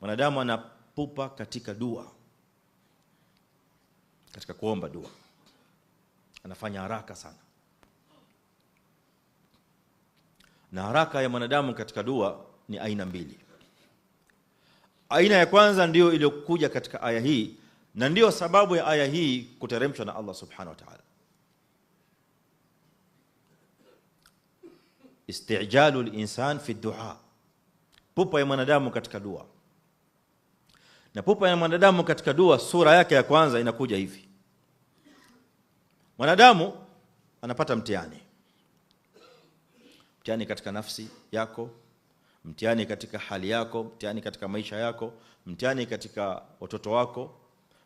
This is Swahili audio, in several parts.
Mwanadamu anapupa katika dua, katika kuomba dua, anafanya haraka sana, na haraka ya mwanadamu katika dua ni aina mbili. Aina ya kwanza ndiyo iliyokuja katika aya hii na ndiyo sababu ya aya hii kuteremshwa na Allah subhanahu wa ta'ala. Istijalu linsan fi dua, pupa ya mwanadamu katika dua na pupa ya mwanadamu katika dua, sura yake ya kwanza inakuja hivi: mwanadamu anapata mtihani, mtihani katika nafsi yako, mtihani katika hali yako, mtihani katika maisha yako, mtihani katika watoto wako,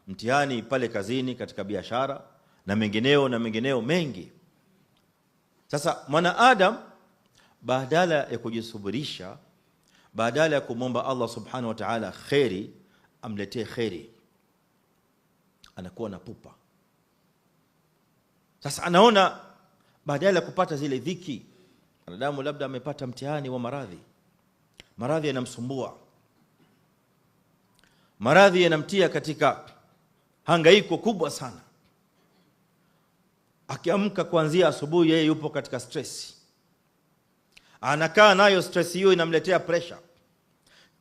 mtihani pale kazini, katika biashara na mengineo na mengineo mengi. Sasa mwanaadam badala ya kujisubirisha, badala ya kumwomba Allah subhanahu wa ta'ala kheri amletee kheri, anakuwa na pupa. Sasa anaona badala ya kupata zile dhiki, anadamu labda amepata mtihani wa maradhi, maradhi yanamsumbua, maradhi yanamtia katika hangaiko kubwa sana. Akiamka kuanzia asubuhi, yeye yupo katika stress, anakaa nayo stress hiyo, inamletea pressure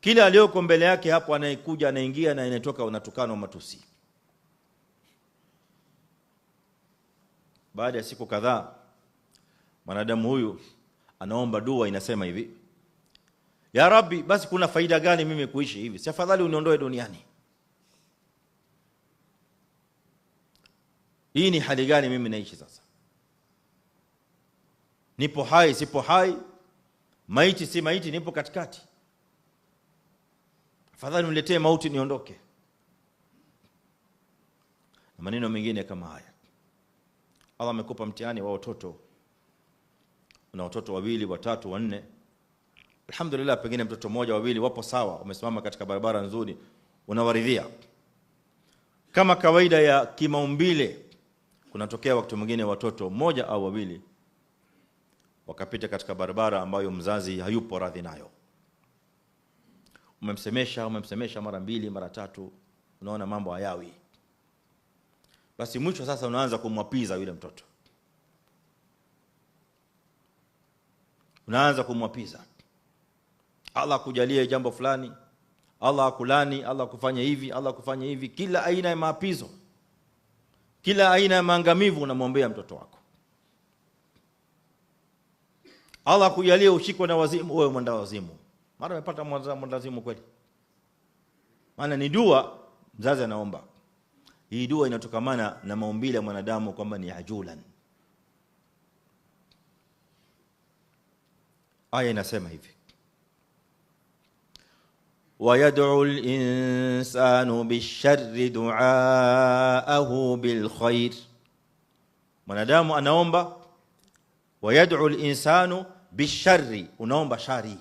kila aliyoko mbele yake hapo, anayekuja anaingia na anayetoka unatukana matusi. Baada ya siku kadhaa, mwanadamu huyu anaomba dua, inasema hivi: ya Rabbi, basi kuna faida gani mimi kuishi hivi? Si afadhali uniondoe duniani. Hii ni hali gani mimi naishi sasa? Nipo hai, sipo hai, maiti si maiti, nipo katikati afadhali uniletee mauti niondoke, na maneno mengine kama haya. Allah amekupa mtihani wa watoto, na watoto wawili, watatu, wanne. Alhamdulillah, pengine mtoto mmoja, wawili wapo sawa, wamesimama katika barabara nzuri, unawaridhia kama kawaida ya kimaumbile. Kunatokea wakati mwingine watoto mmoja au wawili wakapita katika barabara ambayo mzazi hayupo radhi nayo umemsemesha umemsemesha mara mbili mara tatu, unaona mambo hayawi. Basi mwisho sasa unaanza kumwapiza yule mtoto, unaanza kumwapiza, Allah akujalie jambo fulani, Allah akulani, Allah akufanya hivi, Allah kufanya hivi, kila aina ya maapizo, kila aina ya maangamivu unamwombea mtoto wako. Allah akujalie ushikwe na wazimu, wewe mwenda wazimu mara amepata mlazimu kweli. Maana ni dua mzazi anaomba. Hii dua inatokamana na maumbile ya mwanadamu kwamba ni ajulan. Aya inasema hivi wayad'u al-insanu sharri du'aahu bil-khair, mwanadamu anaomba. Wayad'u al-insanu sharri unaomba shari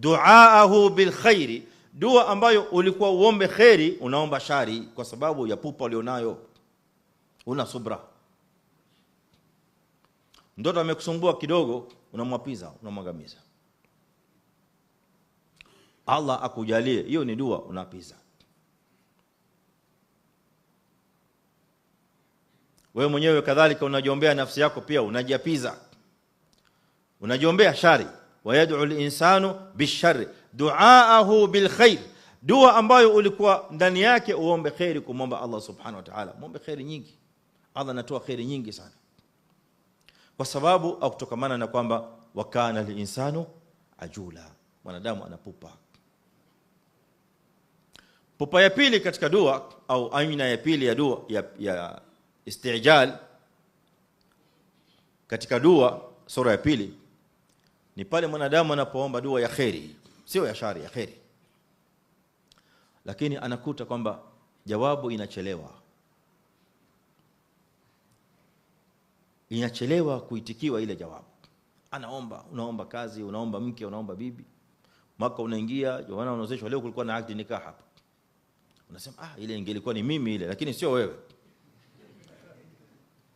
duaahu bilkhairi, dua ambayo ulikuwa uombe kheri unaomba shari, kwa sababu ya pupa ulionayo, una subra. Mtoto amekusumbua kidogo, unamwapiza unamwangamiza. Allah akujalie, hiyo ni dua, unapiza wewe mwenyewe kadhalika, unajiombea nafsi yako, pia unajiapiza, unajiombea shari wayad'u al bishari duaahu bilkhair, dua ambayo ulikuwa ndani yake uombe kheri kumwomba Allah subhanahu wataala ta'ala. kheri nyingi, Allah anatoa kheri nyingi sana, kwa sababu akutokamana na kwamba wakana al-insanu ajula, mwanadamu anapupa. Pupa ya pili katika dua au aina ya pili ya dua ya, ya istijal katika dua, sura ya pili ni pale mwanadamu anapoomba dua ya kheri, sio ya shari, ya kheri, lakini anakuta kwamba jawabu inachelewa, inachelewa kuitikiwa ile jawabu. Anaomba, unaomba kazi, unaomba mke, unaomba bibi, mwaka unaingia, jana unaozeshwa, leo kulikuwa na akdi nikaa hapa, unasema ah, ile ingelikuwa ni mimi ile, lakini sio wewe.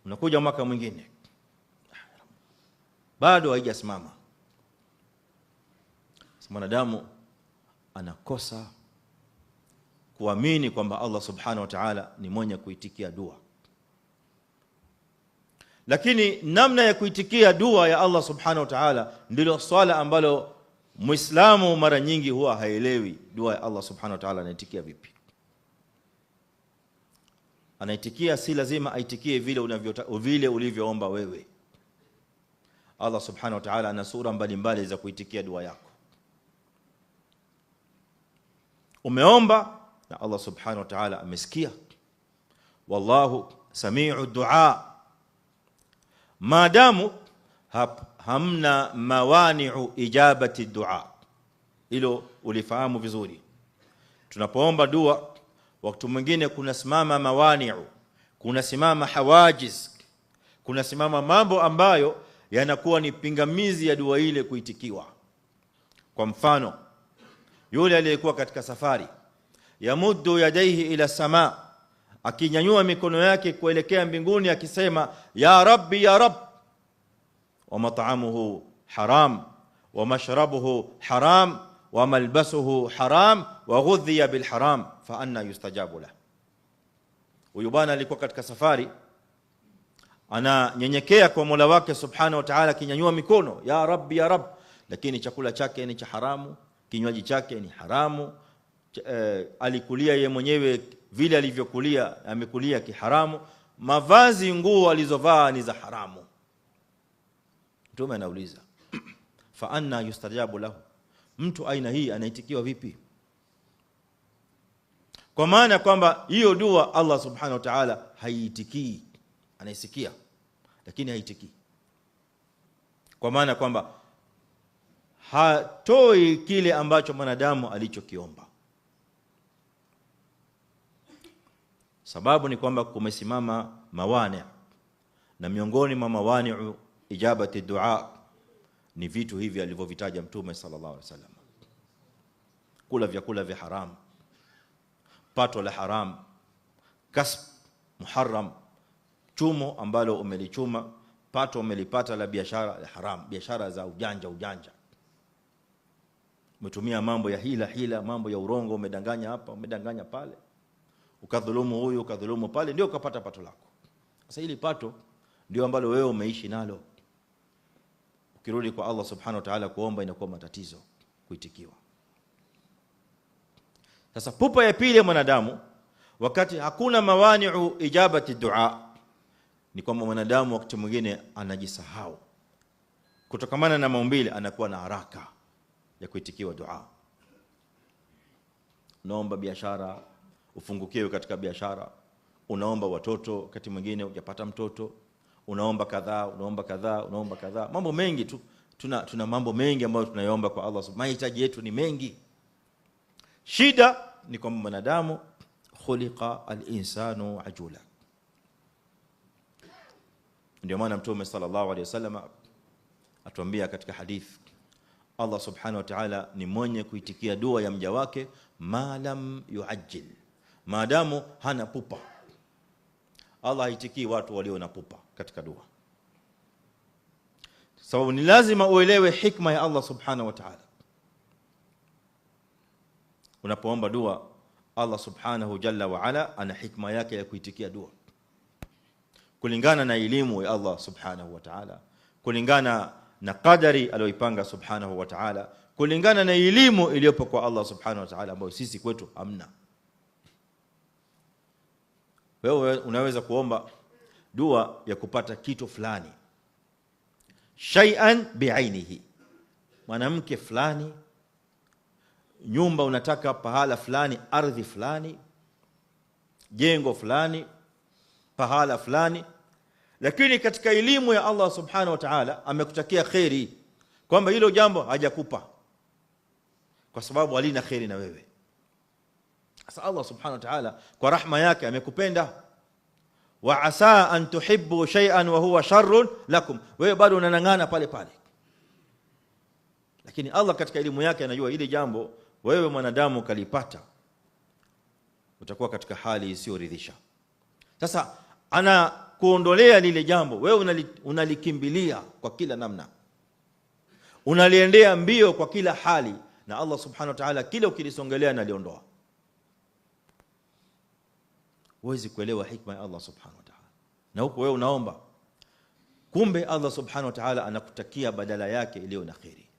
Unakuja mwaka mwingine ah, bado haijasimama mwanadamu anakosa kuamini kwamba Allah subhanahu wa ta'ala ni mwenye kuitikia dua. Lakini namna ya kuitikia dua ya Allah subhanahu wa ta'ala ndilo swala ambalo Muislamu mara nyingi huwa haelewi dua ya Allah subhanahu wa ta'ala anaitikia vipi. Anaitikia si lazima aitikie vile vile ulivyoomba wewe. Allah subhanahu wa ta'ala ana sura mbalimbali za kuitikia dua yako. umeomba na Allah subhanahu wa ta'ala amesikia wallahu samiu duaa maadamu hamna mawaniu ijabati dua hilo ulifahamu vizuri tunapoomba dua wakati mwingine kunasimama mawaniu kunasimama hawajiz kunasimama mambo ambayo yanakuwa ni pingamizi ya dua ile kuitikiwa kwa mfano yule aliyekuwa katika safari yamuddu yadaihi ila sama akinyanyua mikono yake kuelekea mbinguni akisema ya rabbi ya rab wa mat'amuhu haram wa mashrabuhu haram wa malbasuhu haram wa ghudhiya bil haram fa anna yustajabu lahu huyu bwana alikuwa katika safari ananyenyekea kwa Mola wake subhanahu wa ta'ala akinyanyua mikono ya rabbi ya rab lakini chakula chake ni cha haramu kinywaji chake ni haramu ch eh, alikulia ye mwenyewe vile alivyokulia amekulia kiharamu, mavazi nguo alizovaa ni za haramu. Mtume anauliza fa anna yustajabu lahu, mtu aina hii anaitikiwa vipi? Kwa maana kwamba hiyo dua Allah subhanahu wa ta'ala haiitikii, anaisikia lakini haitikii, kwa maana kwamba hatoi kile ambacho mwanadamu alichokiomba. Sababu ni kwamba kumesimama mawani, na miongoni mwa mawaniu ijabati dua ni vitu hivi alivyovitaja Mtume sallallahu alaihi wasallam: kula vyakula vya haramu, pato la haramu, kasb muharam, chumo ambalo umelichuma, pato umelipata la biashara la haramu, biashara za ujanja ujanja umetumia mambo ya hila hila, mambo ya urongo, umedanganya hapa, umedanganya pale, ukadhulumu huyu, ukadhulumu pale, ndio ukapata pato lako. Sasa hili pato ndio ambalo wewe umeishi nalo, ukirudi kwa Allah subhanahu wa ta'ala kuomba inakuwa matatizo kuitikiwa. Sasa pupa ya pili ya mwanadamu wakati hakuna mawani'u ijabati dua ni kwamba mwanadamu wakati mwingine anajisahau, kutokamana na maumbile anakuwa na haraka ya kuitikiwa dua. Unaomba biashara ufungukiwe katika biashara, unaomba watoto, wakati mwingine hujapata mtoto, unaomba kadhaa, unaomba kadhaa, unaomba kadhaa, mambo mengi tu. Tuna, tuna mambo mengi ambayo tunayomba kwa Allah, mahitaji yetu ni mengi. Shida ni kwamba mwanadamu khuliqa alinsanu ajula. Ndio maana Mtume sallallahu alaihi wasallam atuambia katika hadithi Allah subhanahu wa ta'ala ni mwenye kuitikia dua ya mja wake malam yuajil, maadamu hana pupa. Allah haitikii watu walio na pupa katika dua, sababu ni lazima uelewe hikma ya Allah subhanahu wa ta'ala. Unapoomba dua, Allah subhanahu jalla wa ala ana hikma yake ya kuitikia dua kulingana na elimu ya Allah subhanahu wa ta'ala, kulingana na qadari aliyoipanga subhanahu wa ta'ala, kulingana na elimu iliyopo kwa Allah subhanahu wa ta'ala, ambayo sisi kwetu hamna. Wewe unaweza kuomba dua ya kupata kitu fulani, shay'an bi'ainihi, mwanamke fulani, nyumba unataka pahala fulani, ardhi fulani, jengo fulani, pahala fulani lakini katika elimu ya Allah subhanahu wa ta'ala amekutakia kheri, kwamba hilo jambo hajakupa kwa sababu alina kheri na wewe. Sasa Allah subhanahu wa ta'ala kwa rahma yake amekupenda wa asa an tuhibbu shay'an wa huwa sharrun lakum, wewe bado unanang'ana pale pale, lakini Allah katika elimu yake anajua ile jambo wewe mwanadamu kalipata, utakuwa katika hali isiyoridhisha. Sasa ana kuondolea lile jambo, wewe unalikimbilia kwa kila namna, unaliendea mbio kwa kila hali, na Allah subhanahu wa ta'ala kile ukilisongelea analiondoa. Huwezi kuelewa hikma ya Allah subhanahu wa ta'ala, na huko wewe unaomba, kumbe Allah subhanahu wa ta'ala anakutakia badala yake iliyo na kheri.